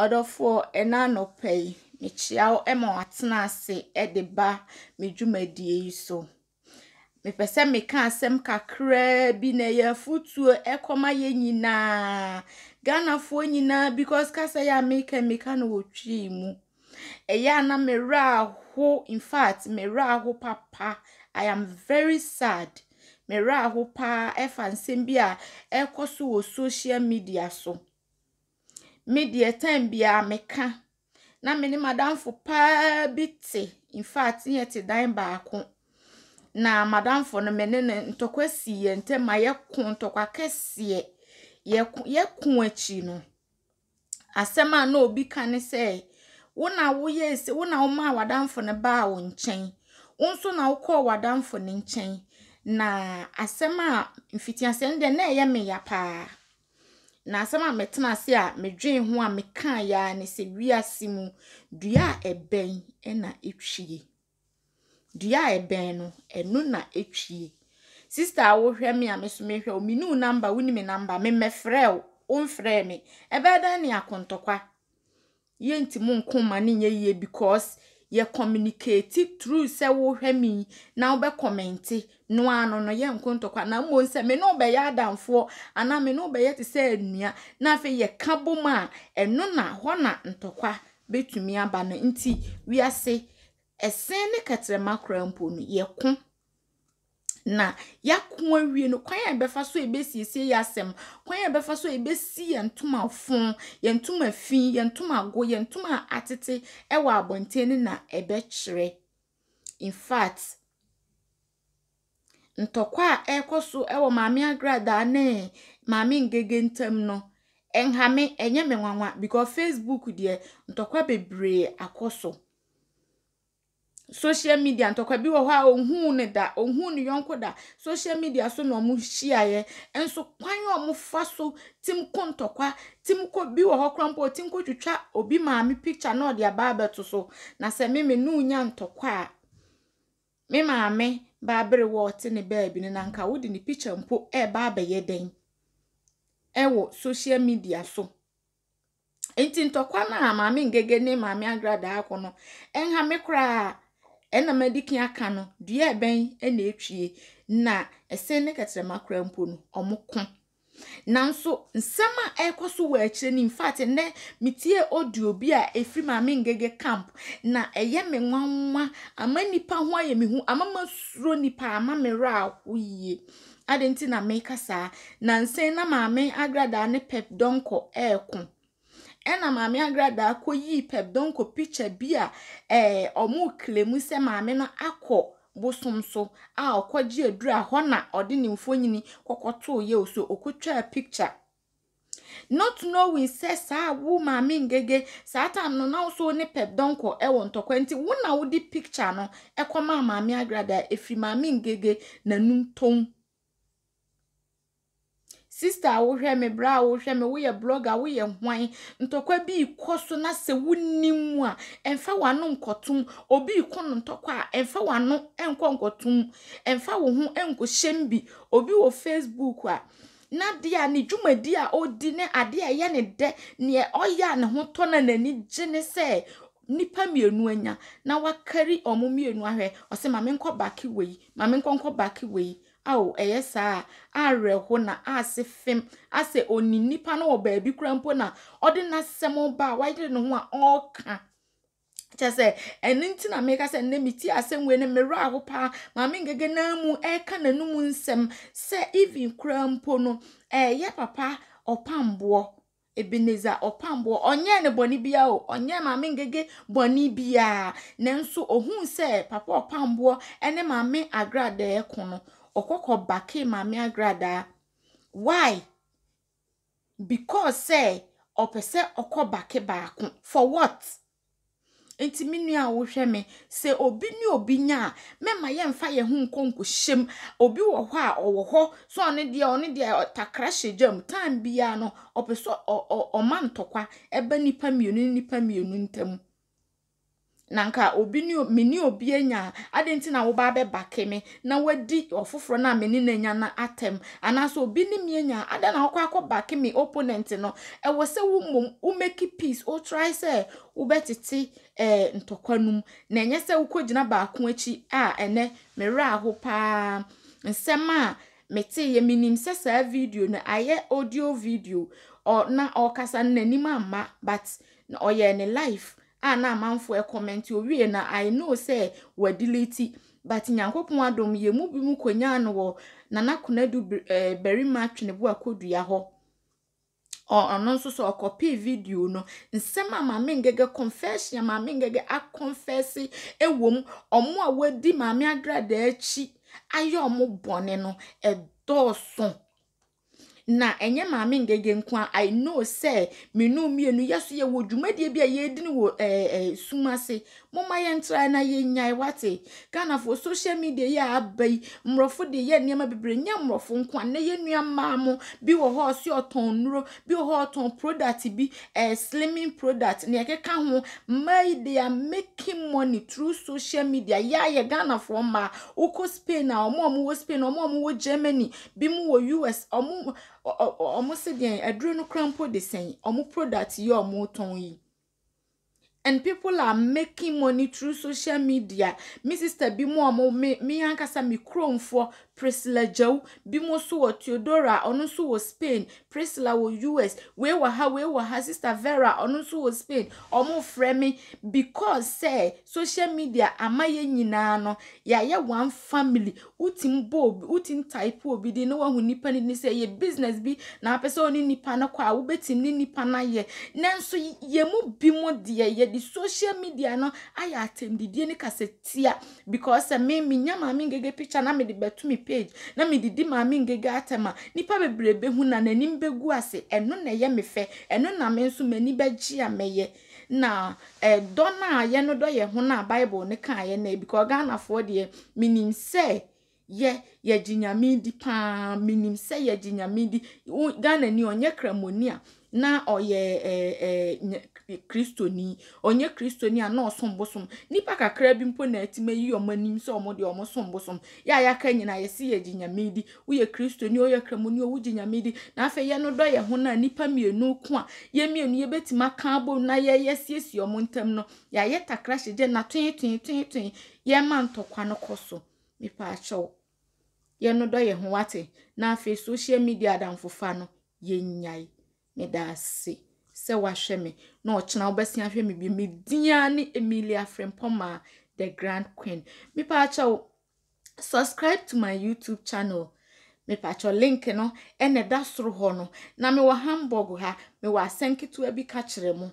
Ɔdɔfoɔ ɛna anɔpa yi, mekyia wo ma woatena ase de ba me dwumadie yi so. Mepɛ sɛ meka asɛm kakraa bi na ɛyɛ afotuo kɔma yɛn nyinaa. Ghanafoɔ nyinaa because kasa yi a meka yi meka no wɔ twi mu. Ɛyɛ a na me werɛ aho infact me aho papa. I am very sad. Me werɛ aho paa ɛfa nsɛm bi a ɛrekɔ so wɔ social media so. me deɛ time biara meka na me ne madamfo paa bi te in fact yɛte dan baako na madamfo no me ne ne ntɔkwa si yɛn ntam a yɛko ntɔkwa kɛseɛ yɛko akyi no asɛm a na obi ka ne sɛ wo na woyɛ esi wo na womaa wadamfo no baa wo nkyɛn wo nso na wokɔɔ wadamfo no nkyɛn na asɛm a mfitiasɛm deɛ na ɛyɛ meya paa na asɛm a mɛtena ase a medwene ho a mekaa yaa ne sɛ wiase mu dua a ɛbɛn na ɛtwie dua a ɛbɛn no ɛno na ɛtwie sista a wohwɛ me a meso mehwɛ o menu namba wonim namba memmɛfrɛ o womfrɛ me ɛbɛyɛ dɛn ne akontɔkwa yɛnti mu nko ma ne nyɛ yie because yɛ communicate through sɛ wohwɛ mi na wobɛ kɔmɛnte no ano no yɛ nko ntɔkwa na mmom sɛ me ne wobɛyɛ adamfoɔ anaa me ne wobɛyɛ te sɛ nnua na afei yɛka bom a ɛno na hɔ na ntɔkwa bɛtumi aba no nti wiase ɛsɛn ne kɛtɛrɛma koraa mpo no yɛko na ya yɛakoa wie no kwan ya yɛbɛfa so ebesiesie ya asɛm kwan ya yɛbɛfa so yɛbɛsi yɛn ntoma fon yɛn ntoma fi yɛn ntoma ago yɛn ntoma atete ɛwɔ abɔnten no na ɛbɛkyerɛ in fact ntɔkwa a ɛrekɔ so ɛwɔ maame agradaa ne maame ngege ntam no ɛnhame ɛnyɛ me nwanwa because facebook deɛ ntɔkwa bebree akɔ so. social media ntɔkwa bi wɔ hɔ a ohun ne da ohun ne yɔnko da social media so na ɔmo hyiaeɛ nso kwan a ɔmo fa so tim ko ntɔkwa tim ko bi wɔ hɔ koraa tim ko twitwa obi maame picture na ɔde aba abɛto so na sɛ mimi no nya ntɔkwa a me maame baabere wɔ ɔte ne baabi ne nanka wode ne picture mpo ɛɛba abɛyɛ dɛn ɛwɔ social media so nti ntɔkwa na maame ngege ne maame agradaa akɔ no ɛnha me koraa ɛna madi kan aka no dua ɛbɛn ɛna etwie na ɛsɛn ne kɛtɛrɛma kora mpo no ɔmo ko nanso nsɛm a ɛrekɔ so wɔ akyire no infact nnɛ metie audio bi a efiri maame ngege camp na ɛyɛ me nwanwa ama nnipa ho ayɛ me hu ama ma suro nnipa ama me werɛ aho yie ade nti na meka saa na nsɛn na maame agradaa ne pep dɔnkɔ ɛreko ɛna maame agrada akɔyi donko picture bi a ɛɛ ɔmo kele mu sɛ maame no akɔ bosom so a ɔkɔgye aduru a hɔ na ɔde ne mfonyini kɔkɔtoo yɛ o so ɔkɔtwaa picture not knowing sɛ saa wo maame ngege saa time no na nso ne donko ɛwɔ ntɔkwa nti wo na wode picture no ɛkɔmaa maame agrada efiri maame ngege n'anum tom. sista a wohwɛ me bra a wohwɛ me woyɛ blɔga woyɛ hwan ntɔkwa bi kɔ so na sɛ wonni mu a ɛmfa w'ano nkɔtom obi kɔ no ntɔkwa a ɛmfa w'ano nkɔ nkɔtom ɛmfa wo ho nkɔhyɛm bi obi wɔ facebook a n'adeɛ a ne dwumadi a ɔdi ne adeɛ a ɛyɛ ne dɛ neɛ ɔyɛ a ne ho tɔ na n'ani gye ne sɛ nipa mmienu anya na wakari ɔmo mmienu ahwɛ ɔsɛ maame nkɔ baaki wɔ yi maame nkɔ nkɔ baaki wɔ yi. ao ɛyɛ saa awerɛho na ase fem asɛ oni nipa no wɔ baabi kura mpo na ɔde n'asɛm ba a wayere ne ho a ɔreka kyɛ sɛ ɛno nti na meka sɛ nnɛ meti asɛm wei no mmerɛ aho paa maame ngege naa mu ɛreka n'anum nsɛm sɛ even kura mpo no ɛyɛ papa ɔpamboɔ ebeneza ɔpamboɔ ɔnyɛ ne bɔne bia o ɔnyɛ maame ngege bɔne bia nanso ohun sɛ papa ɔpamboɔ ɛne maame agradɛ ɛko no ọkọkọba kem ami agrada why because sɛ ɔpɛ sɛ ɔkɔba ke baako for what nti me nua a wohwɛ me sɛ obi ne obi nya a mɛma yɛmfa yɛn ho nkɔ nkɔhyɛ mu obi wɔ hɔ a ɔwɔ hɔ so ɔne deɛ ɔne deɛ takra hyɛ dwam time biara no ɔpɛ sɛ ɔma ntɔkwa ɛbɛ nipa mmienu nipa mmienu ntam. na nka obi ni obi anya ade nti na wo ba be me na wadi ofoforo na me ni nanya na atem anaso obi ni me anya ade na akwa akọ bake me opponent no e wo se wo mom wo peace wo try say wo betete eh ntokwanum na enye se wo kwogyina baako achi a ene mere aho paa nsem a mete ye minim se vidio na aye audio video or na ọkasa n'anim ama but na ọyẹ ne life a na amanfoɔ ɛkɔmɛnti owie na i know sɛ w'adiliti but nyankopɔn adom yɛ mu bi mu konyaa no wɔ nana konadu ɛɛ eh, barima twene bo akɔdua hɔ ɔno nso so ɔkɔpee video no nsɛm a maame ngege confession a maame ngege akɔnfɛse ɛwɔ mu ɔmo a w'adi maame agradaa akyi ayɛ ɔmo bɔne no ɛdɔɔso. na enye maame ngege nkwa i know say me mmienu mienu yeso ye wo dwumadie bi a ye dini wo eh eh sumase moma ye ntra na ye nyai wate kana fo social media ya abai mrofo de ye niam bebre nya mrofo nkwa na ye nua maamo bi wo ho si oton nuro bi wo ho oton product bi eh slimming product ne keka ho mai they are making money through social media ya ye gana fo ma uko Spain na omo omo wo Spain omo omo wo Germany bi mu wo US omo ɔmo sɛ deɛ aduro no kora mpo de sɛn ɔmo product yi a ɔmo tɔn yi and people are making money through social media me sister bi mu ọmọ me me ankasa me kuromfoɔ priscilla jow bi mu nso wɔ theodora ɔno nso wɔ spain priscilla wɔ us wei wɔ ha wei wɔ ha sister vera onu nso wɔ spain ɔmo frɛ because say social media amaye yɛn nyinaa no yɛayɛ one family wotim bɔ obi type obi di na wahu nipa ni ni say yɛ business bi na apɛ ni nipa na kɔ a wobɛtim ne nipa na ye nanso yɛ mu bi mu deɛ yɛ yɛde social media no ayɛ atɛmdidie ne kasetia because sɛ eh, me menya maame ngege picture na mede bɛto me page na medidi maame ngege atɛm a nnipa bebree bɛhu na n'anim bɛgu ase ɛno na ɛyɛ me fɛ ɛno na me nso m'ani bɛgye a mɛyɛ na ɛdɔ eh, no a yɛ no yɛ ho no a bible ne kaa yɛ no because ghanafoɔ deɛ menim sɛ yɛ yɛgye nyame di paa menim sɛ yɛgye nyame di ghana ni ɔnyɛ kramoni a na ɔyɛ ɛɛ eh, ɛɛ eh, kristo ni onye kristo ni a na ɔsom bosom nipa kakra bi mpo na ɛtumi yi ɔmo anim sɛ ɔmo deɛ ɔmo som bosom yɛ a yɛaka nyinaa yɛsi yɛ gye nyame di woyɛ kristo ni oyɛ kramo ni owu gye nyame di na afei yɛ no dɔ yɛ na nipa mmienu ko a yɛ mmienu yɛbɛtumi aka abom na yɛ yɛsiesie ɔmo ntam no yɛayɛ takra hyɛ gye na twee twee twee twee yɛma ntɔkwa no kɔ so nipa akyɛw yɛno dɔ yɛ ho wate na afei social media adamfofa no yɛnyae meda ase sɛ wahwɛ me na ɔkyena wobɛsi ahwɛ me bi me dia ne emilia frempoma the grand queen mepaakyɛ wo subscribe to my youtube channel mepatwɔ link no ɛna ɛda soro hɔ no na mewɔ hamburg ha mewɔ asɛnketewa bi ka kyerɛ mu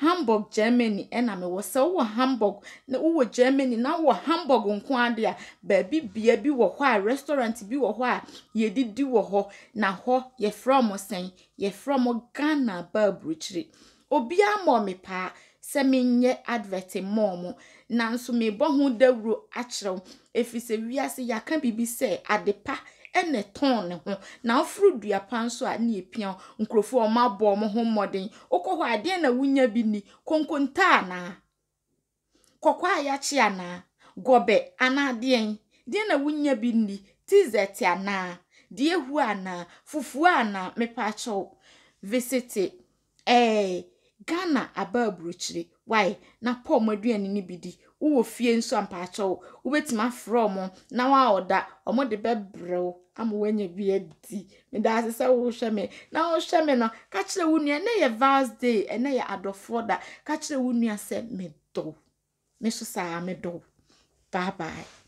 hamburg germany ɛna mewɔ sɛ wowɔ hamburg na wowɔ germany na wowɔ hamburg nko ade a baabi bea bi wɔ hɔ a restaurant bi wɔ hɔ a yɛdidi wɔ hɔ na hɔ yɛfrɛ mo sɛn yɛfrɛ mo ghana baaburukyire obiara mɔ me paa sɛ menyɛ advert mɔɔ mo nanso mebɔ ho dawuro akyerɛw ɛfiri sɛ wiase yɛaka biribi sɛ adepa ɛna tɔn ne ho na afuru dua pa nso a na epia nkurɔfoɔ ɔmo abɔ ɔmo ho mmɔden okɔ ade adeɛ na wunya bi ni konkonta anaa kɔkɔɔ a yɛakye anaa gɔbɛ anaa deɛn deɛ na wunya bi ni tizɛte anaa deɛ ehu anaa fufuo anaa mepaakyɛw visiti ɛɛ eh, ghana abaa aburukyire wae na pɔɔ mo aduane ne bi di wowɔ fie nso a mpaakyɛw wobɛtumi afrɛ ɔmo na wɔaɔda ɔmo de bɛbrɛw ama wɔanya bi adi meda ase sɛ wohwɛ me na wohwɛ me no ka kyerɛ wo nua ɛnɛ yɛ vals day ɛnɛ yɛ adɔfoɔ da ka kyerɛ wo nua sɛ medɔ me so saa medɔ bye bye